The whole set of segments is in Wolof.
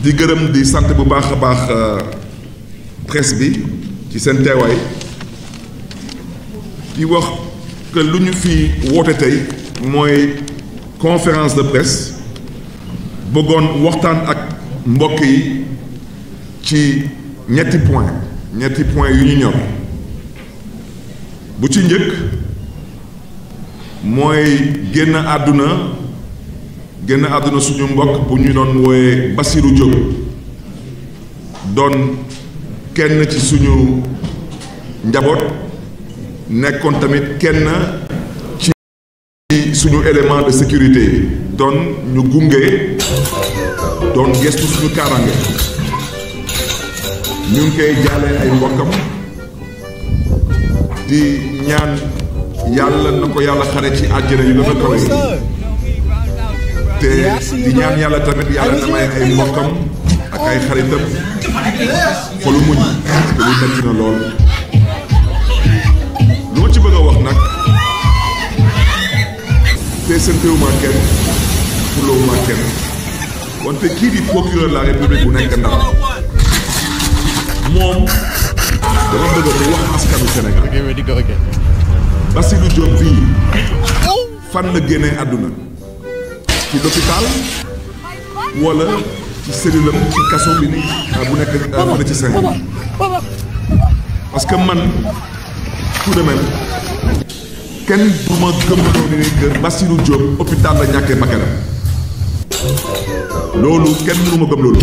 di gërëm di sant bu baax a baax euh, presse bi ci seen teewaay di wax que lu ñu fi woote tey mooy conférence de presse bëggoon waxtaan ak mbokk yi ci ñetti point ñetti point yu ñu ñor bu ci njëkk mooy génn àdduna génn àdduna suñu mbokk bu ñu doon wooyee Basirou Diop don kenn ci suñu njaboot nekkoon tamit kenn ci suñu élément de sécurité don ñu gunge doon gestu suñu kaaraange ñu koy jaalee ay mbokkam di ñaan yàlla na ko yàlla xare ci àjjana yu gën a kawe te di ñaan yàlla tamit yàlla na may ay mbokkam ak ay xaritam xolu muñ te lu metti na lool lu ma ci bëgg a wax nag te kenn xulowuma kenn wante kii di procureur la république bu nekk ndax moom dama bëgg mu wax askanu Sénégal fii fan la génnee àdduna ci l'hôpital wala ci cellule am ci kaso bi ni ah, bu nekk ah, fële ci seen parce que man tout de même kenn du ma gëm ni ne que Bassirou Diop hôpital la ñàkkee bakkanam loolu kenn mënu ma gëm loolu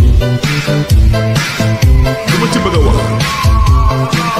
lu ma ci bëgg a wax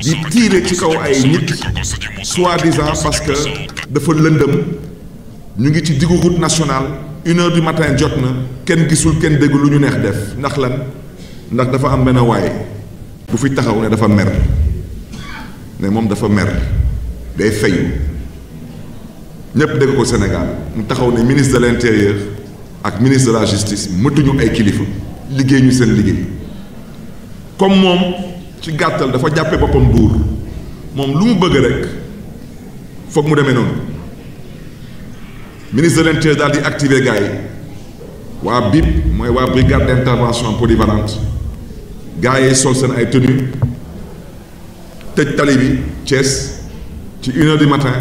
di tiire ci kaw ay nit disant parce que ñu ngi ci route nationale une heure du matin jot na kenn gisul kenn dégg lu ñu neex def ndax lan ndax dafa am benn waay bu fi taxaw ne dafa mer ne moom dafa mer Sénégal mu taxaw ministre de l'intérieur ak ministre de la justice mëtuñu ay kilifa comme ci gàttal dafa jàppe boppam buur moom lu mu bëgg rek foog mu demee noonu ministre de l'intérieur daal di activer gars yi waa BIP mooy waa brigade d'intervention polyvalente gars yi sol seen ay tenue tëj tali bi Thiès ci une heure du matin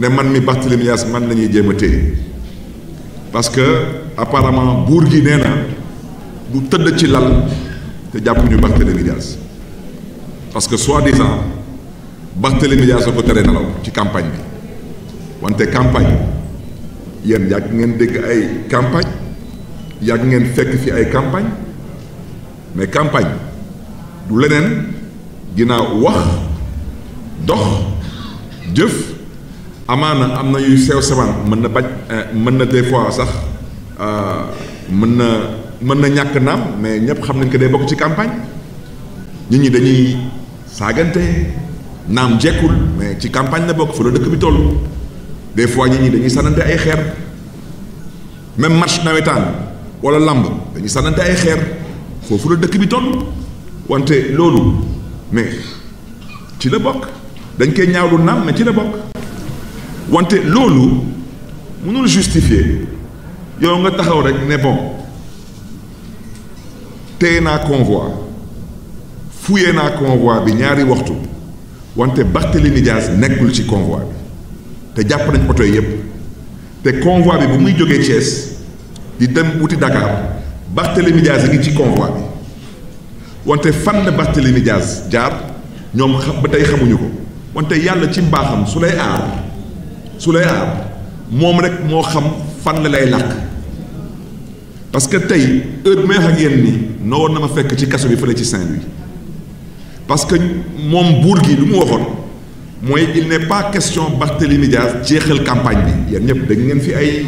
ne man mi Barthélémy Yass man la ñuy jéem a téye parce que apparemment buur gi nee na du tëdd ci lal te jàpp ñu Barthélémy Dias parce que soi-disant Barthélémy Dias ko tere nelaw ci campagne bi wante campagne yéen yàgg ngeen dégg ay campagne yàgg ngeen fekk fi ay campagne mais campagne du leneen dina wax dox jëf amaana am na yuy sew sewaan mën na bañ eh, mën na des fois sax euh, mën na mën na ñàkk naam mais ñëpp xam nañ ko day bokk ci campagne nit ñi dañuy saagante naam jekkul mais ci campagne la bokk fa la dëkk bi toll des fois ñi ñi dañuy sànnante ay xeer même match nawetaan wala làmb dañuy sànnante ay xeer foofu la dëkk bi toll wante loolu mais ci la bokk dañ koy ñaawlu naam na ci la bokk wante loolu mënul justifier yow nga taxaw rek ne bon téye naa convoi fuyee naa convoi bi ñaari waxtu wante Barthélémy Dias nekkul ci convoi bi te jàpp nañ oto yépp te convoi bi bu muy jógee Thiès di dem wuti Dakar Barthélémy Dias yi ngi ci convoi bi wante fan la Barthélémy Dias jaar ñoom xam ba tey xamuñu ko wante yàlla ci mbaaxam su lay aar su lay aar moom rek moo xam fan la lay làq parce que tey heure ak yéen ni noo war na ma fekk ci kaso bi fële ci saint parce que mon bourgui, il n'est pas question Barthélémy de campagne il y a des gens qui ay fait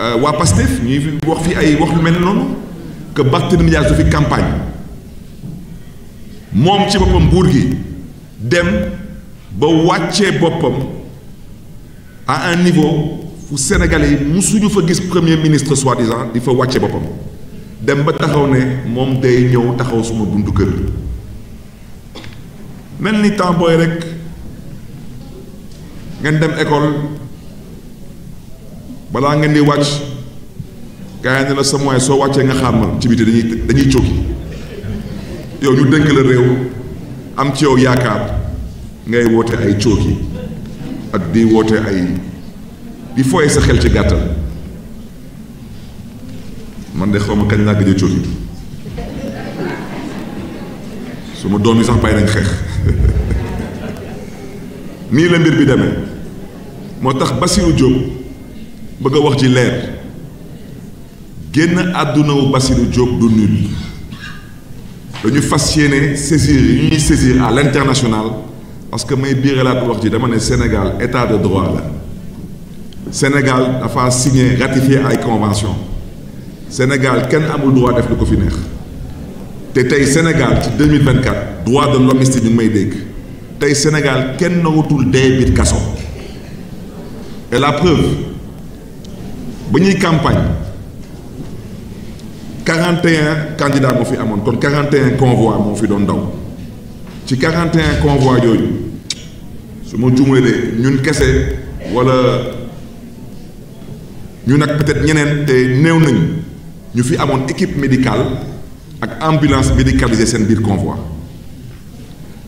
euh, Pastef ñuy wax que Barthélémy du campagne mon petit dem à un niveau fu Sénégalais nous fa gis premier ministre soi-disant di fa dem ba taxaw ne mel ni temps booy rek ngeen dem école balaa ngeen di wàcc gars yi la sa moyen soo wàccee nga xaar ma ci biti dañuy dañuy cógi yow ñu dénk la réew am ci yow yaakaar ngay woote ay cóogi ak di woote ay di fooye sa xel ci gàttal man de xaw ma kañ laa gëj a cóogi su ma doom yi sax bàyyi nañ xeex ni la mbir bi demé motax tax Basirou Diop bëgg wax ci lèr genn àdduna wu Basirou Diop du nul dañu fas saisir yu saisir à l'international parce que may la wax ji dama ne Sénégal état de droit la Sénégal dafa signé ratifié ay convention Sénégal kenn amul droit def lu ko fi neex et le Sénégal en 2024 droit de l'amnistie bi may dégg Le Sénégal kenn nawatul de biir kaso et la preuve dans une campagne 41 candidats ont fi mon kon 41 convois ont fait doon daw 41 convois yooyu su ma juumalee ñun kese wala ñu nag peut-être ñeneen te Nous avons ñu fi équipe médicale ak ambulance médicalisée seen biir convoi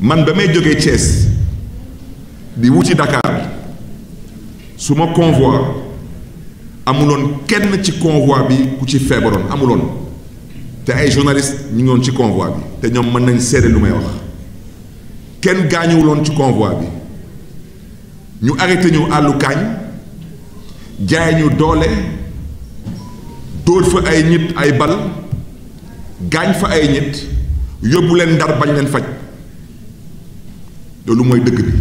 man ba may jógee Thiès di wuti Dakar su ma convoi amuloon kenn ci convoi bi ku ci feebaroon amuloon te ay journaliste ñu ngi woon ci convoi bi te ñoom mën nañ seede lu may wax kenn gaañuwuloon ci convoi bi ñu arrêté ñu àllu kaañ jaay ñu doole dóor fa ay nit ay bal gaañ fa ay nit yóbbu leen ndar bañ leen faj loolu mooy dëgg bi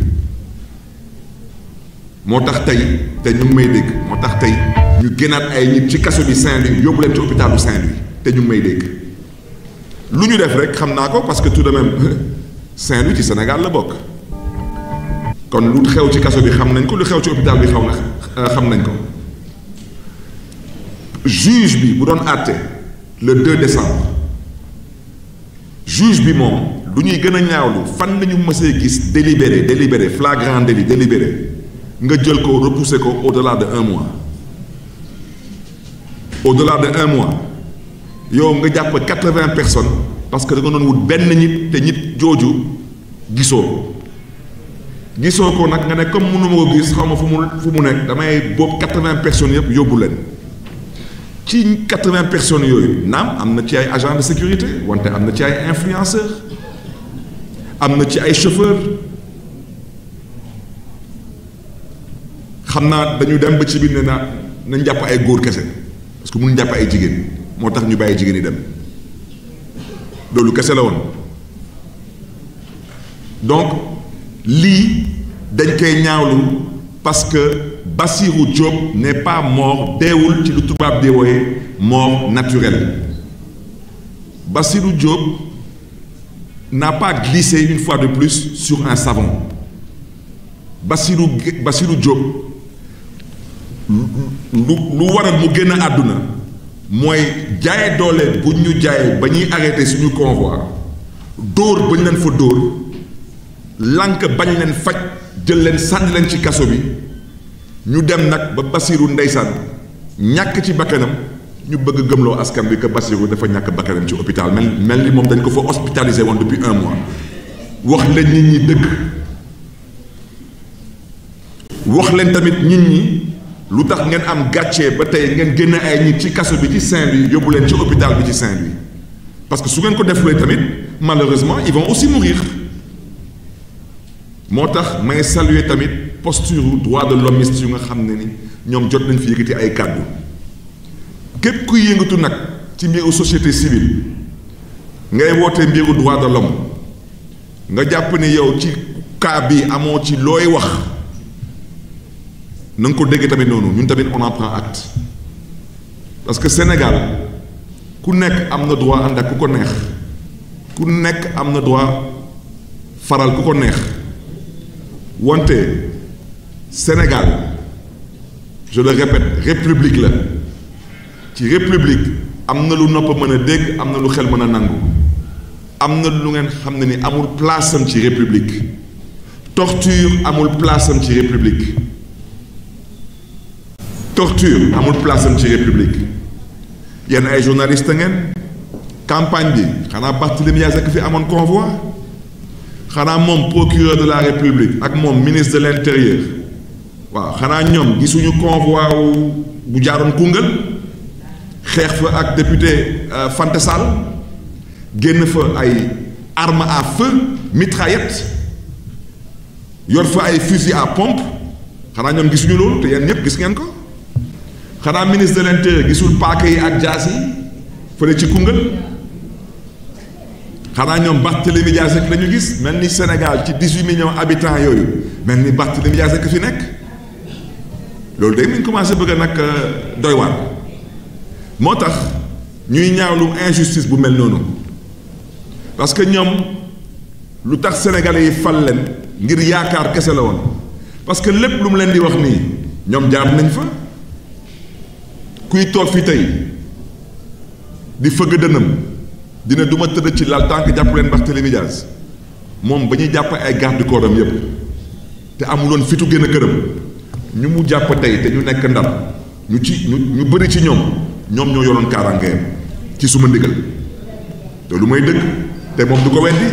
moo tax tey te ñu ngi may dégg moo tax tey ñu génnaat ay nit ci kaso bi Saint-Louis yóbbu leen ci hôpitalu Saint-Louis te ñu may dégg lu ñu def rek xam naa ko parce que tout de même Saint-Louis ci senegal la bokk kon lu xew ci kaso bi xam nañ ko lu xew ci hôpital bi xaw na euh, xam nañ ko juge bi bu doon àtte le 2 décembre juge Bimon, lu ñuy ñaawlu fan délibéré délibéré flagrant délit délibéré nga au-delà de mois au-delà de un mois yow nga japp 80 personnes parce que da nga non wut ben nit té nit ko nga comme mënu gis personnes ci 80 personnes yooyu naam am na ci ay agents de sécurité wante am na ci ay influenceurs am na ci ay chauffeurs xam naa dañu dem ba ci biir ne na nañ jàpp ay góor kese parce que mënuñ jàpp ay jigéen moo tax ñu bàyyi jigéen yi dem loolu kese la woon donc lii dañ koy ñaawlu parce que. Bassirou Diop n'est pas mort deewul ci lu mort naturel Bassirou Diop n'a pas glissé une fois de plus sur un savon Bassirou Bassirou Diop lu lu waral mu aduna moy jaay bu ñu jaay suñu convoi Dor bañ fa lank bañ leen jël leen ñu dem nag ba Basiru ndeysaan ñàkk ci bakkanam ñu bëgg gëmloo askan bi que Basiru dafa ñàkk bakkanam ci hôpital mel mel ni moom dañ ko fa hospitaliser woon depuis un mois wax leen nit ñi dëgg wax leen tamit nit ñi lu tax ngeen am gàccee ba tey ngeen génne ay nit ci kaso bi ci Saint-Louis yóbbu leen ci hôpital bi ci Saint-Louis parce que su ngeen ko defulee tamit malheureusement ils vont aussi mourir moo tax may saluer tamit. posture droit de l'hommiste yu nga xam ne ni ñoom jot nañ fi yëkkati ay kàddu képp kuy yëngatu nag ci mbiru société civile ngay woote mbiru droit de l'homme nga jàpp ni yow ci cas bi amoo ci looy wax na nga ko déggee tamit noonu ñun tamit on en prend acte parce que Sénégal ku nekk am na droit ànd ak ku ko neex ku nekk am na droit faral ku ko neex wante Sénégal je le répète république là ci république am na lu nopp mën a dégg lu xel mën nangu lu ngeen xamné ni amul place am ci république torture amul place am ci république torture amul place am ci république yenn ay journaliste ngeen campagne bi xanaa Barthélémy Dias ak fi amone convoi xanaa mom procureur de la république ak mom ministre de l'intérieur waaw xanaa ñoom gisuñu convoi bu jaaroon Koungheul xeex fa ak député euh, Fanta Sall génn fa ay armes à feu mitraillette yor fa ay fusil à pompe xanaa ñoom gisuñu loolu te yéen ñëpp gis ngeen ko xanaa ministre de l'intérieur gisul paaka yi ak jaas yi fële ci Koungheul xanaa ñoom Barthélémy Dias rek la ñu gis mel ni Sénégal ci 18 millions habitants yooyu mel ni Barthélémy médias rek fi nekk. loolu day mi ngi commencé bëgg a nag euh, doy moo tax ñuy ñaawlu injustice bu mel noonu parce que ñoom lu tax sénégalais yi fal leen ngir yaakaar kese la woon parce que lépp lu mu leen di wax nii ñoom jaar nañ fa kuy toog fi tey di fëgg dënam dina duma tëdd ci lal tànk jàpp leen Barthélémy moom ba ñuy jàpp ay garde corps am yépp te amuloon fitu a këram ñu mu jàpp tey te ñu nekk ndar ñu ci ñu ñu bëri ci ñoom ñoom ñoo yoroon kaaraangeem ci suma ndigal te lu may dëgg te moom du ko weddi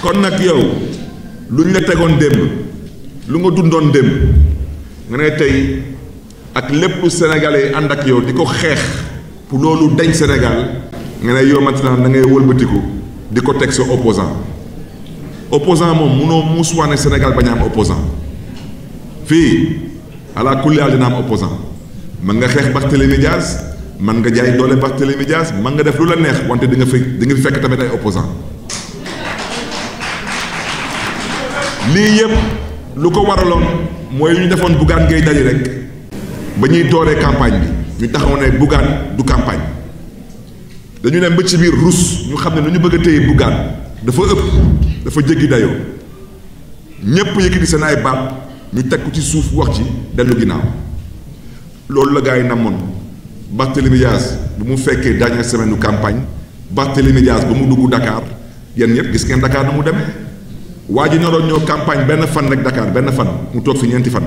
kon nag yow lu ñu la tegoon démb lu nga dundoon démb nga ne tey ak lépp sénégalais ànd ak yow di ko xeex pour loolu deñ Sénégal nga ne yow maintenant da ngay wëlbatiku di ko teg sa opposant opposant moom munoo muus wax ne Sénégal bañ a fii ala kulli haal dina am opposant mën nga xeex Barthélémy Dias mën nga jaay doole Barthélémy Dias mën nga def lu la neex wante di nga fi di nga fi fekk tamit ay opposant lii yëpp lu ko waraloon mooy lu ñu defoon Bougane Gueye Dany rek ba ñuy dooree campagne bi ñu taxaw ne Bougane du campagne dañu ne mbëcc biir rus ñu xam ne lu ñu bëgg a téye Bougane dafa ëpp dafa jéggi dayoo ñépp yëkkati seen ay baat ñu teg ko ci suuf wax ci dellu ginnaaw loolu la gars yi namoon Barthélémy Dias bu mu fekkee dernière semaine nu campagne Barthélémy Dias ba mu dugg Dakar yéen ñëpp gis ngeen dakaar na mu demee waa ji ñoroon ñoo campagne benn fan rek Dakar benn fan mu toog fi ñeenti fan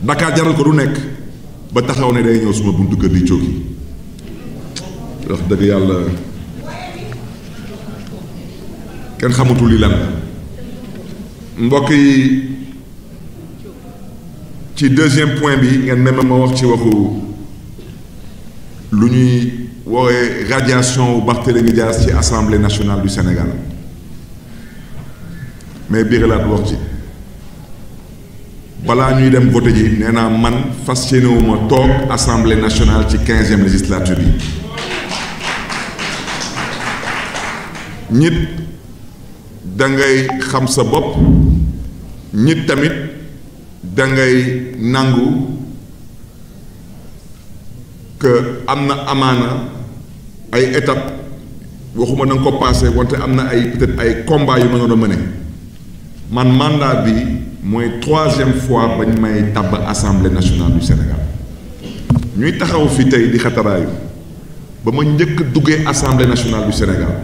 Dakar jaral ko du nekk ba taxaw ne day ñëw suma buntu kër di jógi wax dëgg yàlla kenn xamatul li lan mbokk yi ci deuxième point bi ngeen ne ma wax ci waxu lu ñuy woowee radiation wu Barthélémy Dias ci assemblée nationale du Sénégal mais biralaat wax ci balaa ñuy dem voté ji nee naa man fas yéene wu ma toog assemblée nationale ci 15e législature yi nit da ngay xam sa bopp nit tamit da ngay nangu que am na amaana ay étape waxuma da nga ko passé wante am na ay peut-être ay combat yu ma doon mëne man mandat bi mooy troisième fois bañ may tabb assemblée nationale du Sénégal ñuy taxaw fi tey di xataraayu ba ma njëkk duggee assemblée nationale du Sénégal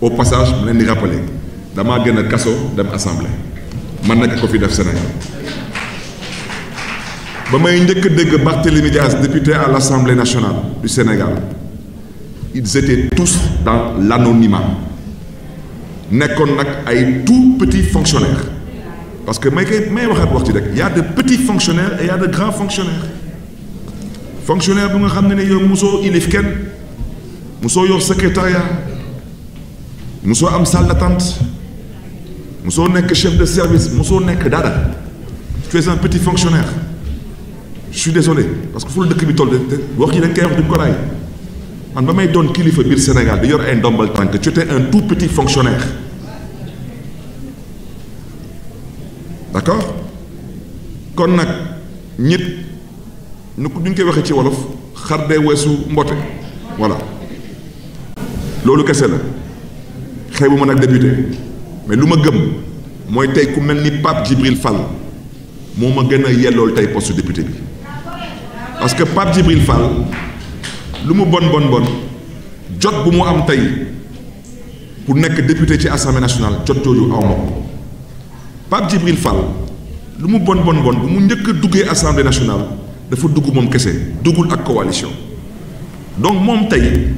au passage mu leen di rappeler suis venu à kaso dem assemblée man nag ko fi def Sénégal ba may njëkk dégg Barthélémy Dias député à l'Assemblée nationale du Sénégal ils étaient tous dans l'anonymat nekkoon nag ay tout petits fonctionnaires parce que may vais may wax ci rek y a de petits fonctionnaires et y a de grands fonctionnaires fonctionnaire bu nga xam ne ne yow mosoo ilif kenn mosoo yor secrétariat mosoo am salle d'attente mosoo nek chef de service mosoo nek dada, tu es un petit fonctionnaire je suis désolé parce que fu le dëkk tout le wax yi da nga wax du ko raay man ba may doon kilifa biir Sénégal D'ailleurs, yor ay ndombal tu étais un tout petit fonctionnaire d'accord kon nag ñit nu ñu koy waxee ci wolof xar dee weesu mbote voilà loolu kese la xëy bu ma nag député mais luma gëm moy tay ku melni ni Pape Djibril Fall moma gëna gën tay poste député bi parce que Pape Djibril Fall lu bon bon bon jot bu mu am tay pour nekk député ci assemblée nationale jot jooju aw ma Pape Djibril Fall lu bon bon bon bu mu ñëk duggé assemblée nationale dafa dugg mom kessé duggul ak coalition donc mom tay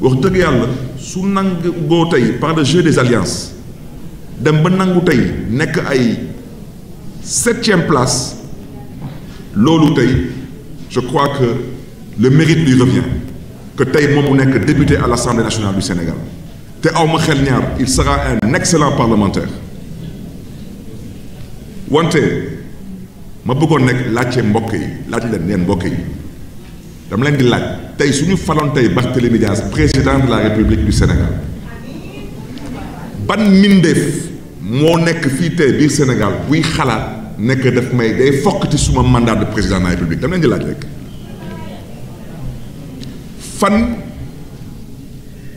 wax deug yalla su par le jeu des alliances nous sommes nangu septième place je crois que le mérite lui revient que tey député à l'Assemblée nationale du Sénégal il sera un excellent parlementaire wante ma beaucoup nekk laajte mbokk je dama leen di laaj tey suñu faloon tey Barthélémy Dias président de la République du Sénégal ban mbindeef moo nekk fii tey biir Sénégal buy xalaat nekk daf may day fokkati suma mandat de président de la République dama leen di laaj rek fan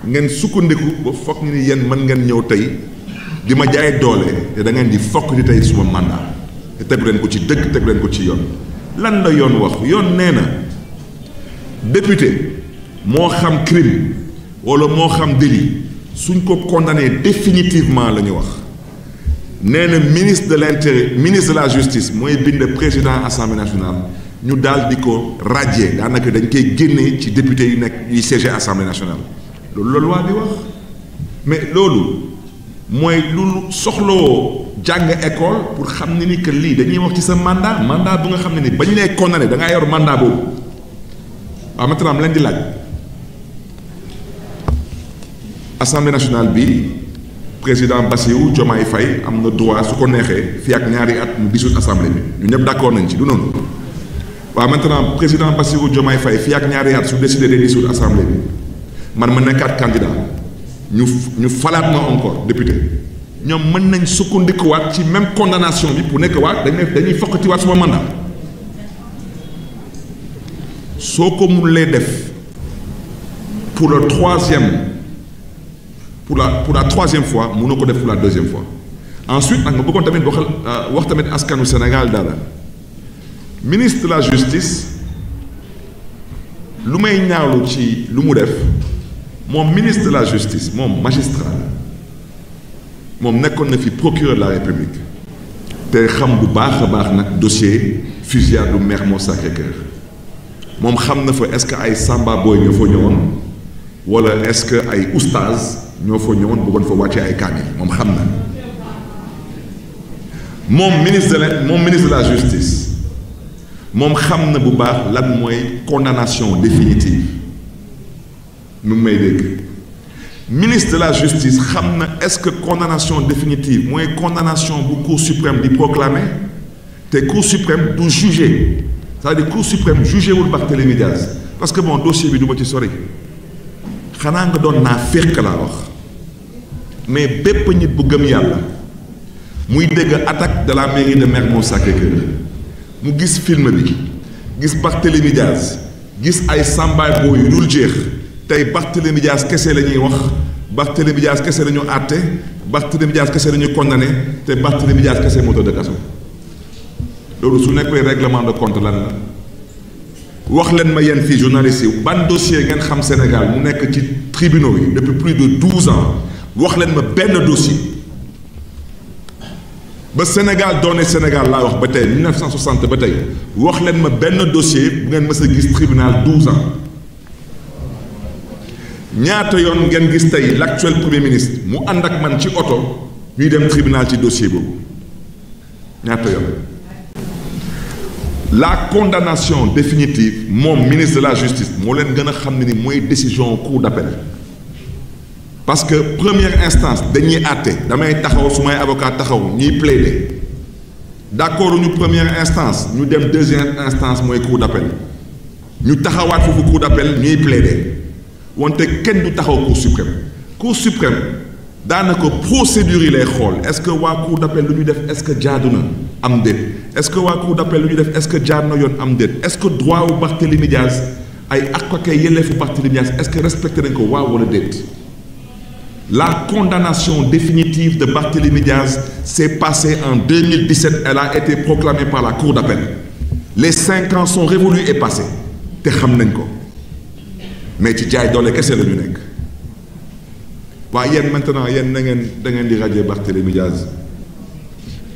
ngeen sukkandiku ba foog ñu ni yéen mën ngeen ñëw tey di ma jaay doole te dangeen ngeen di fokk di tey suma mandat te tegu leen ko ci dëgg tegu leen ko ci yoon lan la yoon wax yoon nee na député moo xam crime wala moo xam délit suñ ko condamné définitivement la ñu wax nee na ministre de l'intérieur ministre de la justice mooy bind président assemblée nationale ñu daal di ko radier daanaka dañ koy génnee ci député yu nekk yu siège assemblée nationale loolu la loi di wax mais loolu mooy lu soxlawoo jàng école pour xam ne ni que lii dañuy wax ci sa mandat mandat bu nga xam ne ni lay condamné da ngaa yor mandat boobu waaw ah, maintenant lañ assemblée nationale le président Bassiou, Diomaye Faye am le droit su ko connaître, Fiak ak ñaari at dissout assemblée bi ñu sommes d'accord nañ ci du noonu maintenant président bassiou Diomaye Faye Fiak ñaari at décidé de dissoudre assemblée bi man ma nekkaat candidat ñu ñu Nous avons encore député Nous mën nañ sukkandikuwaat ci même condamnation pour nous waat dañ ne dañuy ce moment mandat soko pour le troisième pour la pour la troisième fois pour la deuxième fois ensuite euh, tamit askanu Sénégal ministre de la justice lu may ñaawlu ci ministre de la justice mon magistrat mon procureur de la république dossier sacré moom xam na fa est-ce que ay samba boy ñoo fa ñëwoon wala est-ce que ay oustaz ñoo fa ñëwoon bëggoon fa wàccee ay kaamil moom xam na moom ministre de moom ministre de la justice moom xam na bu baax lan mooy condamnation définitive Nous may dégg ministre de la justice xam na est-ce que condamnation définitive mooy condamnation bu cour suprême di proclamer te cour suprême du juger c'est-à-dire cour suprême jugé wul Barthélémy Diaz parce que mon dossier bi du ma ci sori xanaa nga doon naa féq laa wax mais bépp nit bu gëm yàlla muy dégg attaque de la mairie de Mermoz Sacré-Cœur mu gis film bi gis Barthélémy Diaz gis ay sambaay boo yu dul jeex tey Barthélémy Diaz kese la ñuy wax Barthélémy Diaz kese la ñu àtte Barthélémy Diaz kese la ñu condamné te Barthélémy Diaz kese moo tëdd kaso loolu su nekkee règlement de compte lan la wax leen ma yéen fii journaliste yi ban dossier ngeen xam Sénégal mu nekk ci tribunaux yi depuis plus de douze ans wax leen ma benn dossier ba Sénégal doone Sénégal laa wax ba tey 1960 ba tey wax leen ma benn dossier bu ngeen mës a gis tribunal douze ans ñaata yoon ngeen gis tey l'actuel premier ministre mu ànd ak man ci oto ñuy dem tribunal ci dossier boobu ñaata yoon la condamnation définitive mon ministre de la justice je vais gën a xam ne ni décision d'appel parce que première instance dernier athée, damay taxaw su un avocat taxaw vais plaider d'accord ñu première instance ñu dem deuxième instance un cours d'appel ñu taxawaat foofu cours d'appel nous plaider wante kenn du taxaw cours suprême cour suprême la procédure est-ce que le cour d'appel lu ñu est-ce que jaadu na am est-ce que waa cour d'appel lui ñu def est-ce que jaar na yoon am est-ce que droit wu Barthélémy Dias ay ak ak yelleefu Barthélémy Dias est-ce que respecté nañ ko waaw wala déet la condamnation définitive de Barthélémy Diaz s'est passée en 2017 elle a été proclamée par la cour d'appel les cinq ans sont révolus et passés te xam nañ ko mais ci jaay doole kese la ñu nek Wa yéen maintenant yéen na ngeen da ngeen di radier Barthélémy Diaz.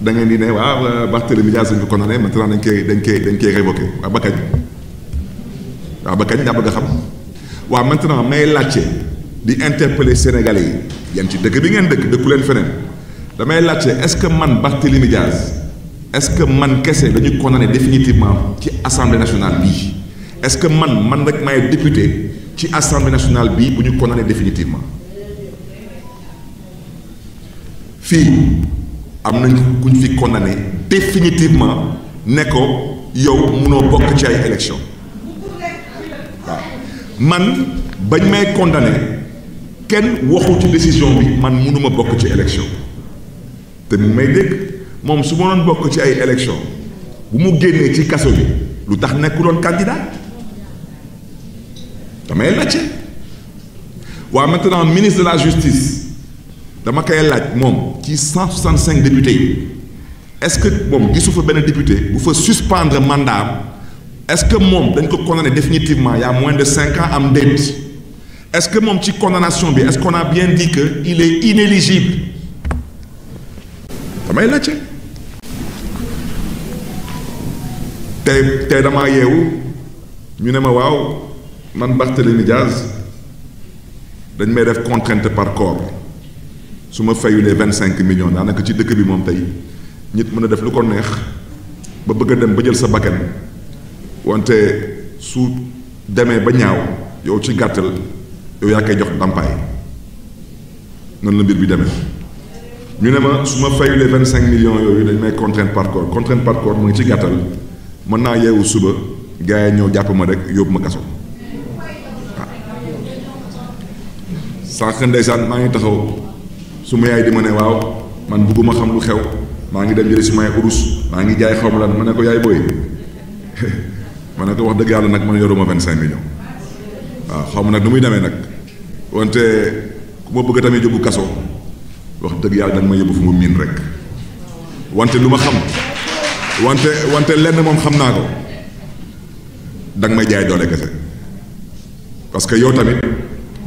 da ngeen di ne waaw euh, Barthélémy Dias suñ ko condamné maintenant dañ koy dañ koy dañ koy révoqué waaw ba kañ waaw ba bëgg a xam waaw maintenant may laajte di interpeller Sénégalais yi yan ci dëkk bi ngeen dëkk dëkku leen feneen damay laajte est-ce que man Barthélémy médias, est-ce que man kese dañu condamné définitivement ci assemblée nationale bii est-ce que man man rek may député ci assemblée nationale bii bu ñu condamné définitivement fii am nañ fi condamné définitivement ne ko yow a bokk ci ay élection man bañ may condamné kenn waxu ci décision bi man mënuma bokk ci élection te mu may su ma doon bokk ci ay élection bu mu génnee ci kaso bi lu tax candidat damay maintenant ministre de la justice dama koy laaj moom ci 165 députés yi est-ce que moom gisu fa benn député bu fa suspendre mandat est-ce que moom dañ ko condamné définitivement il y a moins de 5 ans am déet est-ce que moom ci condamnation bi est-ce qu'on a bien dit que il est inéligible damay laajte tey tey dama yeewu ñu ne ma waaw man Barthélémy Diaz dañ may def contrainte par corps su ma fayulee vingt cinq millions daanaka ci dëkk bi moom tay nit mën a def lu ko neex ba bëgg a dem ba jël sa bakkan wante su demee ba ñaaw yow ci gàttal yow yaa koy jox ndàmpaay nan la mbir bi demee ñu ne ma su ma fayulee vingt cinq millions yu dañ may contrainte par corps contrainte par corps mu ngi ci gàttal mën naa yeewu suba gars yi ñëw jàpp ma rek yóbbu ma kaso waaw sànq ndeysaan maa ngi taxaw. su ma yaay di ma ne waaw man bugguma xam lu xew maa ngi dem jëli su may urus maa ngi jaay xaw ma lan ma ne ko yaay booy ma ne ko wax dëgg yàlla nag man yoruma vingt cinq millions waaw xaw ma nag nu muy demee nag wante ku ma bëgg tamit yóbbu kaso wax dëgg yàlla nag ma yóbbu fu mu miin rek wante lu ma xam wante wante lenn moom xam naa ko danga may jaay doole kese parce que yow tamit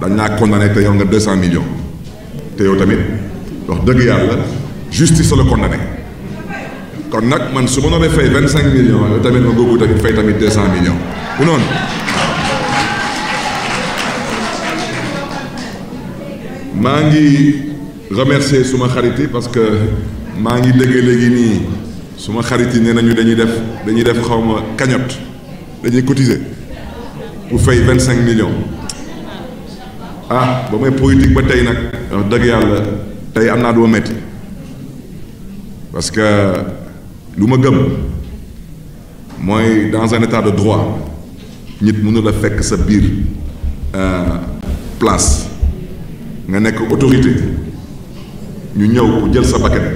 dañ laa condamné te yow nga deux cent millions Et au tamit wax dëgg la justice le condamné kon on man fait 25 millions yow tamit ma googu tamit fay tamit 200 millions bu remercie maa remercier suma parce que maa ngi déggee léegi suma xariti nee nañu dañuy dañuy cotiser pour faire 25 millions ah ba may politique ba tey nag wax dëgg yàlla tey am naa du ma metti parce que lu ma gëm mooy dans un état de droit nit mënu la fekk sa biir euh, place nga nekk autorité ñu ñëw ko jël sa bakkan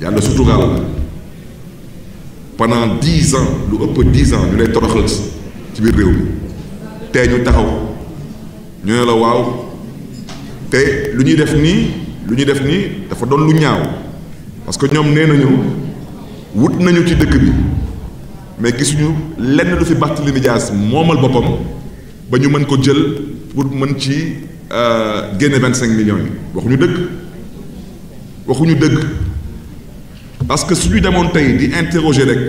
yàlla suturaal pendant 10 ans lu ëpp 10 ans ñu lay toroxal ci biir réew mi tey ñu taxaw ñu la waaw te lu def nii lu nous def nii dafa doon lu ñaaw parce que nous nee nañu wut nañu ci dëkk bi mais gisuñu lenn lu fi Barthélémy Dias moomal boppam ba ñu mën ko jël pour mën ci euh, génne 25 millions yi waxuñu dëgg parce que celui demoon tey di interroger rek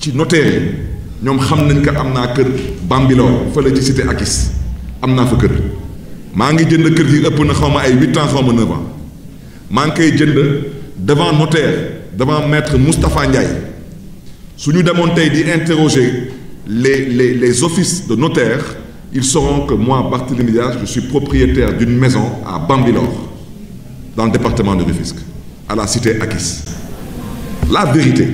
ci notaire yi ñoom xam nañ ko am naa kër Akis am naa fa kër maa ngi jënd ëpp na ay ans ans devant notaire devant maître Moustapha Ndiaye suñu nous demoon di interroger les les les offices de notaire ils sauront que moi Barthélémy Diaz, je suis propriétaire d'une maison à Bambilor dans le département de Rufisque à la cité Akis la vérité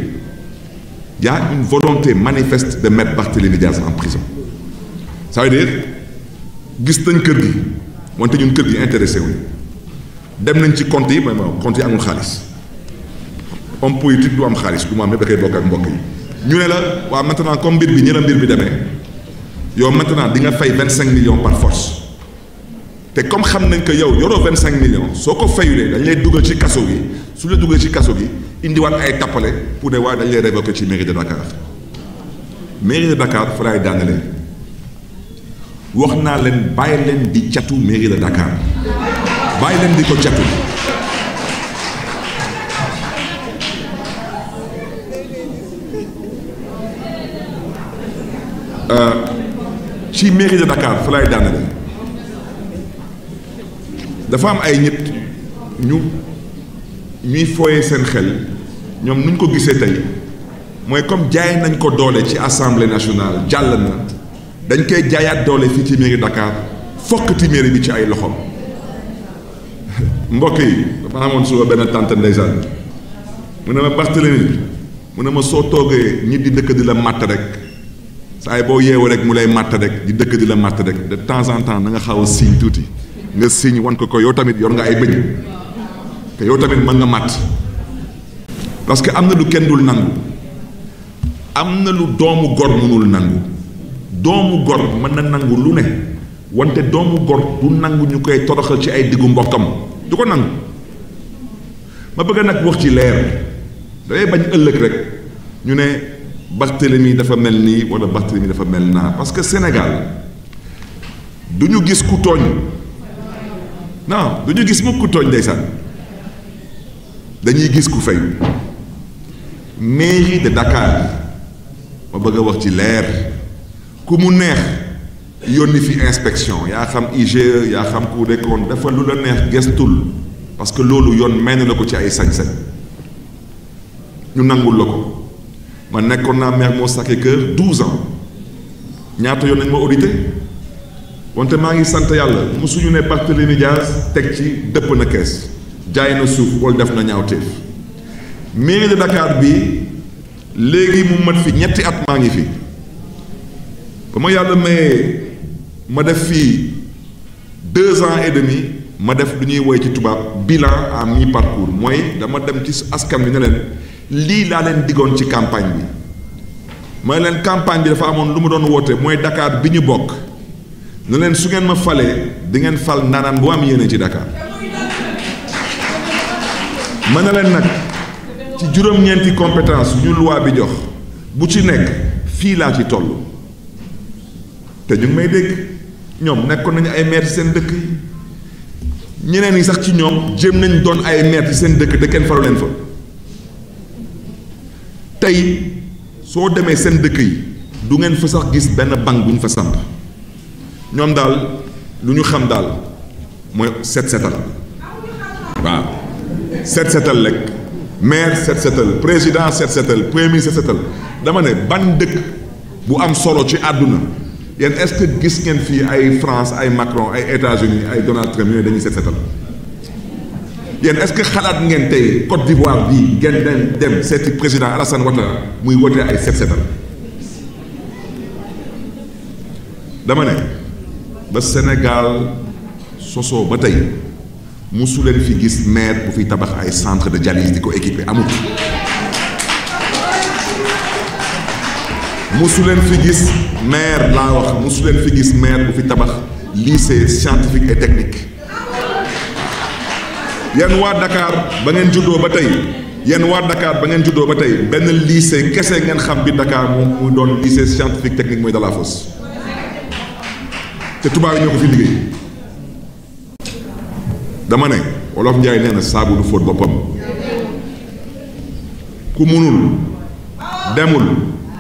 il y a une volonté manifeste de mettre Barthélémy Diaz en prison ça veut dire gis nañ kër gi wante ñun kër gi intéressé wuñ dem nañ ci compte yi mais moom compte yi amul xaalis homme politique du am xaalis bu mu am lépp da koy bokk ak mbokk yi ñu ne la waa maintenant comme mbir bi ñu la mbir bi demee yow maintenant di nga fay vingt cinq millions par force te comme xam nañ ko yow yoroo vingt cinq millions soo ko fayulee dañ lay dugal ci kaso gi su la dugal ci kaso gi indiwaat ay tappale pour ne waaye dañ lay révoquer ci mairie de Dakar mairie de Dakar fa laay daanelee. wax naa leen bàyyi leen di catu mairie de Dakar bàyyi leen di ko catu euh, ci mairie de Dakar fa lay dafa am ay ñett ñu ñuy fooyee seen xel ñoom nu ñu ko gisee tey mooy comme jaay nañ ko doole ci assemblée nationale jàll na dañ koy jaayaat doole fii ci mairie Dakar fokkati mairie bi ci ay loxo mbokk yi dafa amoon suba benn tante ndeysaan mu ne ma Barthélémy mu ne ma soo toogee ñi di dëkk di la matt rek saa yi boo yeewoo rek mu lay matt rek di dëkk di la matt rek de temps en temps na nga xaw a siñ tuuti nga siñ wan ko ko yow tamit yor nga ay bëñ te yow tamit mën nga matt parce que am na lu kenn dul nangu am na lu doomu gor mënul nangu doomu gor mën na nangu lu ne wante doomu gor du nangu ñu koy toroxal ci ay diggu mbokkam du ko nangu ma bëgg nag wax ci leer dafay bañ ëllëg rek ñu ne Barthélemy dafa mel nii wala Barthélemy dafa mel naa parce que Sénégal du ñu gis ku tooñ non du ñu gis mukk ku tooñ ndeysaan dañuy gis ku fay mairie de Dakar ma bëgg a wax ci leer Comme neex yónni fi inspection yaa xam IGE yaa xam Cour des dafa lu neex gestul parce que loolu yoon may na la ko ci ay sañ ñu nangul la ko ma nekkoon naa maire moo 12 ans ñaata yoon ma audité wante maa ngi sant ne ci na na def na mairie de Dakar bi léegi mu mat fi at maa ba yalla yàlla ma def fi 2 ans et demi ma def lu ñuy woy ci tuba bilan à mi parcours moy dama dem ci askam bi ne leen lii laa leen diggoon ci campagne bi ma len campagne bi dafa amone lu mu don wote moy Dakar bi ñu bokk ne len su ngeen ma falé di ngeen fal naanaan bu am yene ci Dakar ma ne ci juroom ñeenti compétence ñu loi bi jox bu ci nek fi la ci tollu te ñu ngi may dégg ñoom nekkoon nañu ay maire ci seen dëkk yi ñeneen yi sax ci ñoom jéem nañu doon ay maire ci seen dëkk te kenn faru leen fa tey soo demee seen dëkk yi du ngeen fa sax gis benn banque bu ñu fa samp ñoom daal lu ñu xam daal mooy set setal waaw set setal rek maire set setal président set setal premier ministre set setal dama ne ban dëkk bu am solo ci àdduna yéen est-ce que gis ngeen fii ay France ay Macron ay États-Unis ay Donald Trump yooyu dañuy set setal yéen est-ce que xalaat ngeen tey Côte d'Ivoire bii ngeen dem dem seeti président Alassane Ouattara muy wote ay set setal dama ne ba Sénégal sosoo ba tey musu leen fi gis maire bu fi tabax ay centre de dialyse di ko équiper amul. musu leen fi gis maire laa wax musu leen fi gis maire bu fi tabax lycée scientifique et technique yan waa Dakar ba ngeen juddoo ba tey yéen waa Dakar ba ngeen juddoo ba tey benn lycée kese ngeen xam bi Dakar moom mu doon lycée scientifique technique mooy Delafosse te tubaab yi ñoo ko fi liggéey dama ne wolof Njaay nee na saabu du fóot boppam ku munul demul.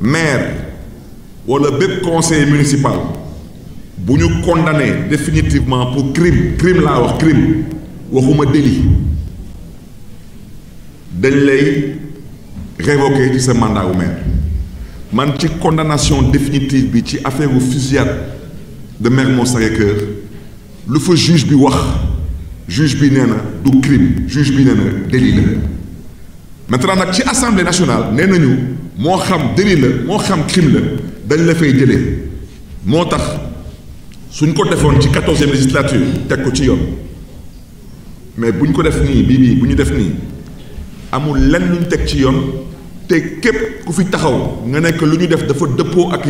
maire wala bépp conseil municipal pour nous condamné définitivement pour crime crime là wax crime waxuma délit dañ lay révoquer ce mandat au maire man ci condamnation définitive bi ci affaire bu fusillade de maire Sacré-Cœur lu fa juge bi wax juge bi nee du crime juge bi nee délit maintenant dans ci assemblée nationale nee nañu moo xam délit la moo xam crime la dañ la fay jëlee moo suñ ko defoon ci e législature teg ko ci mais buñ ko def nii bii bii bu ñu def nii amul lenn lu teg ci yoon te képp ku fi taxaw nga nekk lu def dafa ak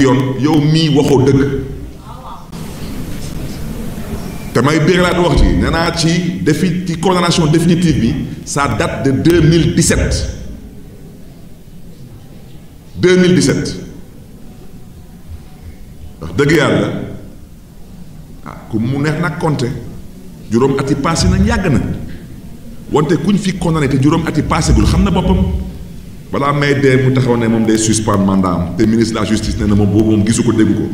définitive ça date de 2017. 2017 ndax dëgg yàlla ah ku mu neex nag compter juróom ati yi nañ yàgg na wante kuñ fi condamné te juróom at yi passé gul xam na boppam balaa may dee mu taxaw ne moom day suspendre mandat am te ministre de la justice nee na moom boobu moom gisu ko déggu ko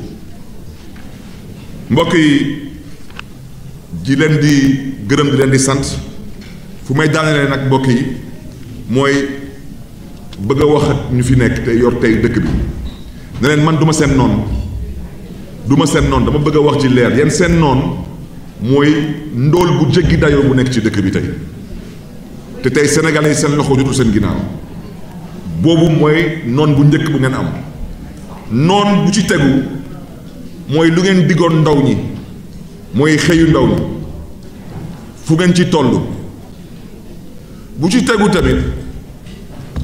mbokk yi di leen di gërëm di leen di sant fu may daanelee nag mbokk yi mooy. bëgg a wax ak ñu fi nekk te yor tey dëkk bi ne man duma seen noon duma seen noon dama bëgg a wax ci leer yéen seen noon mooy ndóol bu jéggi dayoo bu nekk ci dëkk bi tey te tey sénégalais yi seen loxo jotul seen ginnaaw boobu mooy noon bu njëkk bu ngeen am noon bu ci tegu mooy lu ngeen diggoon ndaw ñi mooy xëyu ndaw ñi fu ngeen ci toll bu ci tegu tamit.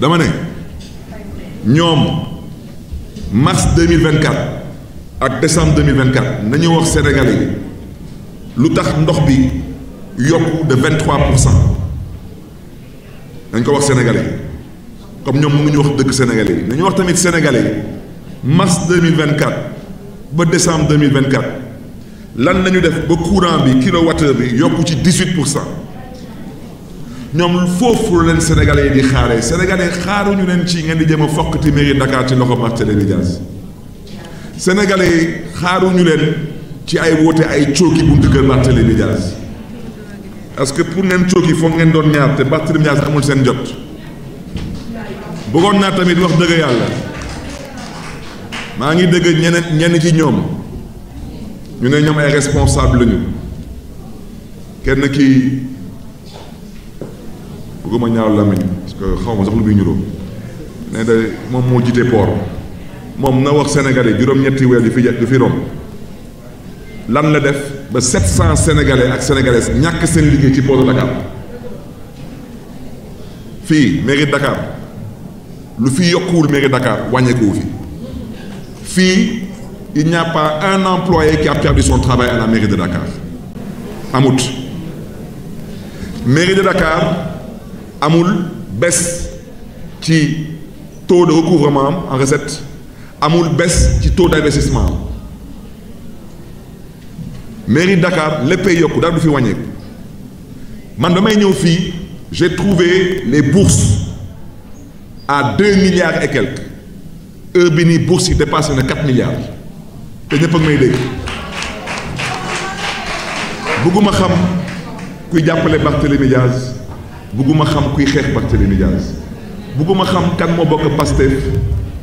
dama ne ñoom mars 2024 ak décembre 2024 nañu wax sénégalais yi lu tax ndox de 23 Nous ko sénégalais comme nous ñu wax dëgg sénégalais Nous nañu wax tamit sénégalais mars 2024 ba décembre 2024 lan nañu def ba courant bi 18 ñoom foofu leen sénégalais yi di xaaree sénégalais xaaruñu leen ci ngeen di jëm a fokk téeméeri Dakar ci loxo Marcelo Diaz sénégalais yi xaaruñu leen ci ay woote ay cooki buntu kër Marcelo Diaz parce que pour ngeen cooki foog ngeen doon ñaar te Marcelo Diaz amul seen jot bëggoon naa tamit wax dëgg yàlla maa ngi dëgg ñeneen ñenn ci ñoom ñu ne ñoom ay responsable lañu kenn kii. bëgguma ñaaw làmmiñ parce que xawma sax lu muy ñuroo ne da moom moo jiite port moom na wax sénégalais juróom-ñetti weer du fi du fi rom lan la def ba 700 sénégalais ak sénégalaises ñàkk seen liggéey ci port de Dakar fii mairie Dakar lu fi yokkuwul mairie Dakar wàññeekuwu fi fii il n'y a pas un employé qui a perdu son travail à la mairie de Dakar amut mairie de Dakar amul baisse ci taux de recouvrement en recette amul baisse ci taux d'investissement. Mérite mairie Dakar les pays du fi j'ai trouvé les bourses à 2 milliards et quelques Urbini bourse qui dépasse 4 milliards Je ne peux may m'aider. bëgguma xam kuy xeex Barthélémy Dias bugguma xam kan moo bokk Pastef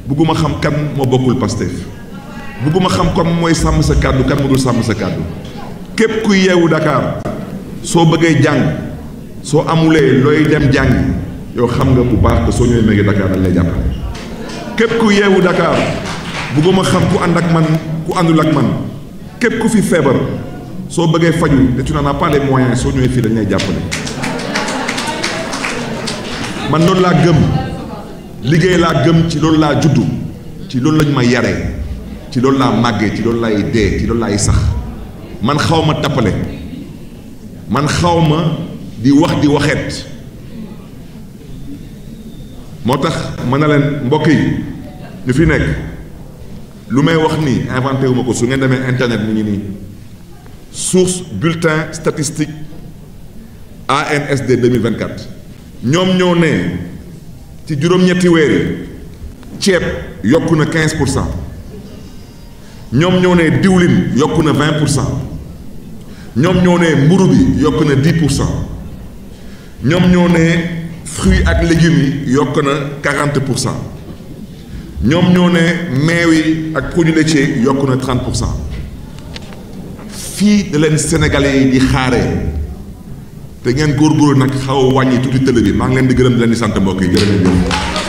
bugguma xam kan moo bokkul Pastef bugguma xam kon mooy sàmm sa kàddu kan mu dul sàmm sa kàddu képp kuy yeewu Dakar soo bëggee jàng soo amulee looy dem jàng yow xam nga bu baax que soo ñëwee mege Dakar dañ lay jàppale képp ku yeewu Dakar bugguma xam ku ànd ak man ku àndul ak man képp ku fi feebar soo bëggee faju te tu n'en as pas les moyens soo ñëwee fii dañ lay jàppale man loolu laa gëm liggéey laa gëm ci loolu laa juddu ci loolu lañ ma yare ci loolu laa màggee ci loolu laay dee ci loolu laay sax man xaw ma tappale man xaw ma di wax di waxeet moo tax mën na leen mbokk yi ñu fi nekk lu may wax nii inventé wu ma ko su ngeen demee internet mu ngi nii source bulletin statistique ANSD 2024 ñoom ñoo ne ci juróom-ñetti weer yi ceeb yokku na 15 pour cent ñoom ñoo ne diwlin yokku na 20 pour cent ñoom ñoo ne mburu bi yokk na 10 pour cent ñoom ñoo ne fruits ak légumes yi yokk na 40 pour cent ñoom ñoo ne meew yi ak produits laitiers yokk na 30 pour cent fii da leen sénégalais yi di xaaree. te ngeen góorgóorlu nag xaw a wàññi tuuti tële bi maa ngi leen di gërëm di leen di sant mbokk yi jërë ngeen